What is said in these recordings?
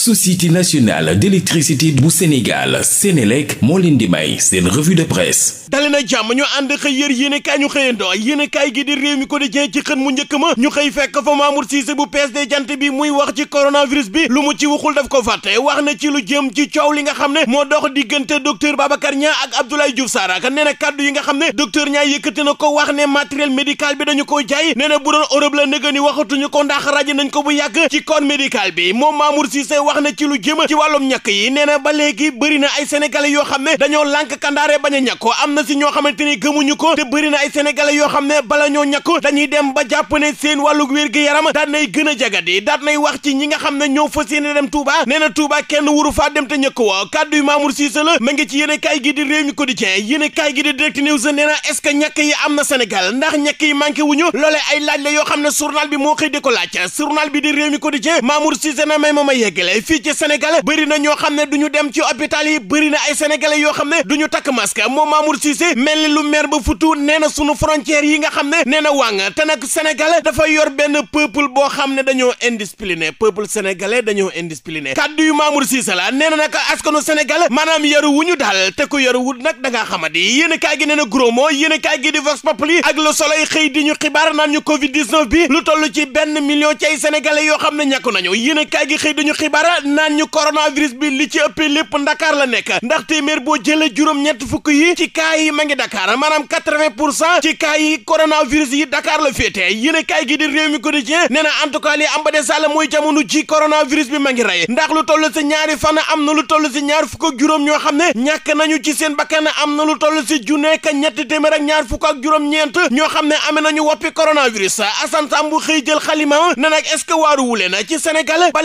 société nationale d'électricité bu Sénégal Sénélec moo leen di may seen revue de presse dali na jàmm ñu ànd xëy yër yéenekaay ñu xëyandoo yéenekaay gi di réew mi quotidien ci xët mu njëkk ma ñu xëy fekk fa Mamour Cissé bu PSD jant bi muy wax ci coronavirus bi lu mu ci waxul daf ko fàtte wax na ci lu jëm ci coow li nga xam ne moo dox diggante docteur Babacar Niang ak Abdoulaye Diouf Sarr ak nee na kàddu yi nga xam ne docteur Niang yëkkati na ko wax ne matériel médical bi dañu ko jaay nee na ko ndax raji nañ ko bu yàgg ci corps médical bi moom Mamour wax na ci lu jëm ci wàllum ñàkk yi nee na ba léegi bëri na ay sénégalais yoo xam ne dañoo lànk kandaare bañ a ko am na si ñoo xamante ni gëmuñu ko te bëri na ay sénégalais yoo xam ne bala ñoo ñàkk dañuy dem ba jàpp ne seen wàllug wér gi yaram daat nay gën a jagadi daat nay wax ci ñi nga xam ne ñoo fas yéene dem Touba nee na Touba kenn wuru faa dem te ñàkk wa kàddu yu Mamour Cissé la ma ngi ci yéene kaay gi di réew mi quotidien kaay gi di direct news nee na que ñàkk yi am na Sénégal ndax ñàkk yi manqué wuñu loolee ay laaj la yoo xam ne journal bi moo xëy di ko bi di réew mi quotidien Mamour Cissé na may ma ma yeggale fii ci Sénégal bëri na ñoo xam ne duñu dem ci hôpital yi bëri na ay sénégalais yoo xam ne duñu takk masque moom Mamour Cissé mel ni lu mer ba futu nee na sunu frontière yi nga xam ne nee na wàng te nag Sénégal dafa yor benn peuple boo xam ne dañoo indiscipliné peuple sénégalais dañoo indiscipliné kàddu yu Mamour Cissé la nee na a askanu Sénégal maanaam yaru wu ñu daal te ko yaru wut nag da ngaa xamadi yéen a kaay gi nee na gros mot yéen a kaay gi di vox populi ak le soleil xëy ñu xibaar naan ñu covid 19 bi lu toll ci benn million ci yoo xam ne ñàkku nañu yéen a kaay gi xëy di ñu dara naan ñu coronavirus bi li ci ëppee lépp Dakar la nekk ndax téeméer boo jëlee juróom-ñett fukk yi ci cas yi ma ngi Dakar maanaam quatre-vingt pour cent ci cas yi coronavirus yi Dakar la féete yéen kaay gi di réew mi quotidien nee na en tout cas li am ba de sàll mooy jamono ji coronavirus bi ma ngi rey ndax lu toll si ñaari fan am na lu toll si ñaar fukk ak juróom ñoo xam ne ñàkk nañu ci seen bakkan am na lu toll si junne ka ñetti téeméer ak ñaar fukk ak juróom-ñeent ñoo xam ne amee nañu woppi coronavirus Assane Samb bu xëy jël xalima na nag est-ce que waaru wule na ci Sénégal ba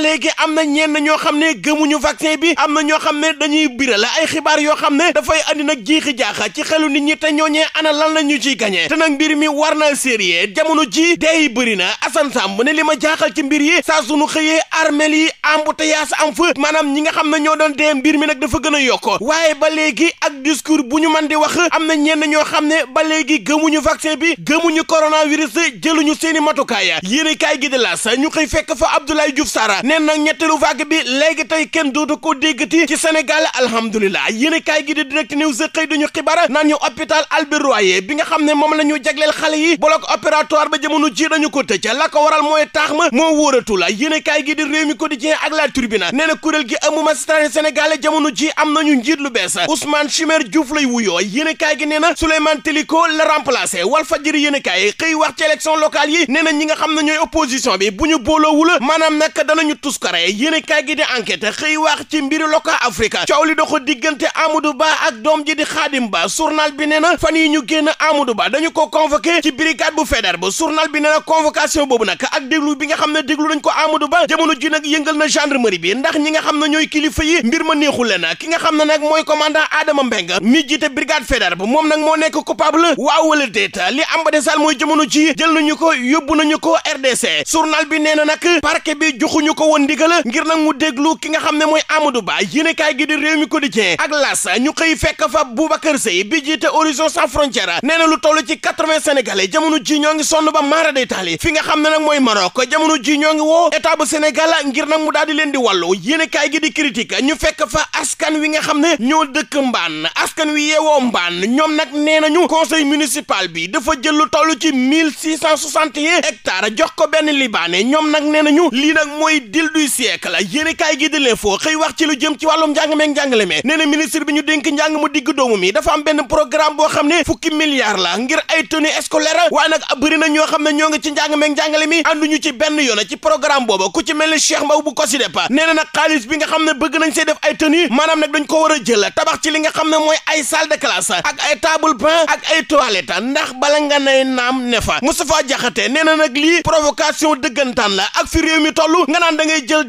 na ñoo xam ne gëmuñu vaccin bi am na ñoo xam ne dañuy birale ay xibaar yoo xam ne dafay andi nag jiixi jaaxa ci xelu nit ñi te ñooñee ana lan la ñu ciy gañee te nag mbir mi war na sérieux jamono ji bëri na Assane Samb ne li ma jaaxal ci mbir yi saa sunu xëyee armel yi embouteillage am fa maanaam ñi nga xam ne ñoo doon dee mbir mi nag dafa gën a yokk waaye ba léegi ak discours bu ñu mën di wax am na ñenn ñoo xam ne ba léegi gëmuñu vaccin bi gëmuñu coronavirus jëluñu seeni matukaay yéen kaay gi de la sa ñu xëy fekk fa Abdoulaye Diouf Sarr neen nag ñetteelu vague bi léegi tey kenn dootu ko déggati ci Sénégal alhamdulilah yéen kaay gi di direct news xëy dañu xibaar naan ñu hôpital Albert Royer bi nga xam ne moom la ñu jagleel xale yi bloc opératoire ba jamono ji dañu ko tëj la ko waral mooy taax ma moo wóoratu la yéen kaay gi di réew mi quotidien ak la tribune nee na kuréel gi ëmb magistrat Sénégal jamono ji am nañu njiit lu bees Ousmane Chimère Diouf lay wuyoo yéen kaay gi nee na Souleymane Teliko la remplacé Walf Fadjri yéen kaay xëy wax ci élection locale yi nee na ñi nga xam ne ñooy opposition bi bu ñu booloowul maanaam nag danañu tuskare yéen kaay kaay gi di enquête xëy wax ci mbiru loka Africa coow li doxu diggante Amadou Ba ak doom ji di Khadim Ba journal bi nee na fan yi ñu génn Amadou Ba dañu ko convoqué ci brigade bu Faidherbe ba journal bi nee na convocation boobu nag ak déglu bi nga xam ne déglu nañ ko Amadou Ba jamono ji nag yëngal na gendarmerie bi ndax ñi nga xam ne ñooy kilifa yi mbir ma neexul leen ki nga xam ne nag mooy commandant Adama Mbengue mi jiite brigade Faidherbe ba moom nag moo nekk coupable waaw wala déet li am ba desal mooy jamono ji jël nañu ko yóbbu nañu ko RDC journal bi nee na nag parquet bi joxuñu ko woon ndigal ngir nag mu déglu ki nga xam ne mooy Amadou Ba yéenekaay gi di Rewmi Quotidien ak L'As ñu xëy fekk fa Boubacar Seye bi jiite Horizon Sans Frontières nee na lu toll ci quatre-vingts sénégalais ji ñoo ngi sonn ba maara day taali fi nga xam ne nag mooy Maroc jamono ji ñoo ngi woo état bu Sénégal ngir nag mu daal di leen di wàllu yéenekaay gi di critique ñu fekk fa askan wi nga xam ne ñoo dëkk mbaan askan wi yeewoo mbaan ñoom nag nee nañu conseil municipal bi dafa jël lu toll ci mille six cent soixante et un jox ko benn libaane ñoom nag nee nañu lii nag mooy deal du siècle yéenekaay gi di l'info xëy wax ci lu jëm ci wàllu njàng meeg njàngale mi nee ministre bi ñu dénk njàng mu digg doomu mi dafa am benn programme boo xam ne fukki milliards la ngir ay tenue scolaire waaye nag bëri na ñoo xam ne ñoo ngi ci njàng meeg njàngale mi ànduñu ci benn yoon ci programme boobu ku ci mel ni Cheikh Mbaw bu Kosidepa nee na nag xaalis bi nga xam ne bëgg nañ see def ay tenue maanaam nag dañ ko war a jël tabax ci li nga xam ne mooy ay salle de classe ak ay table pain ak nga nay naam ne fa Moustapha nee na nag lii provocation dëggantaan la ak fi réew mi toll nga naan da ngay jël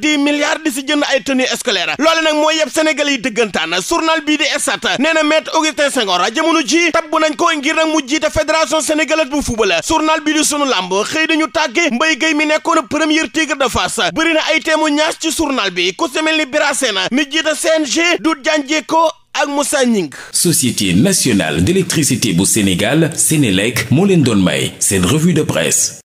milliards di si jënd ay tenue scolaire loole nag moo yëpp Sénégal yi dëggantaan journal bii di Stades nee na maître Augustin Senghor jamono ji tab bu nañ ko ngir nag mu jiite fédération sénégalaise bu football journal bii di sunu làmb xëy dañu tàgge Mbaye Guèye mi nekkoon premier tigre de Fass bëri na ay témoignages ci journal bi ku si mel ni Bira Sène mi seen CNG du jànjeekoo ak Moussa Gning Société nationale d'électricité bu Sénégal Sénélec moo leen doon may seen revue de presse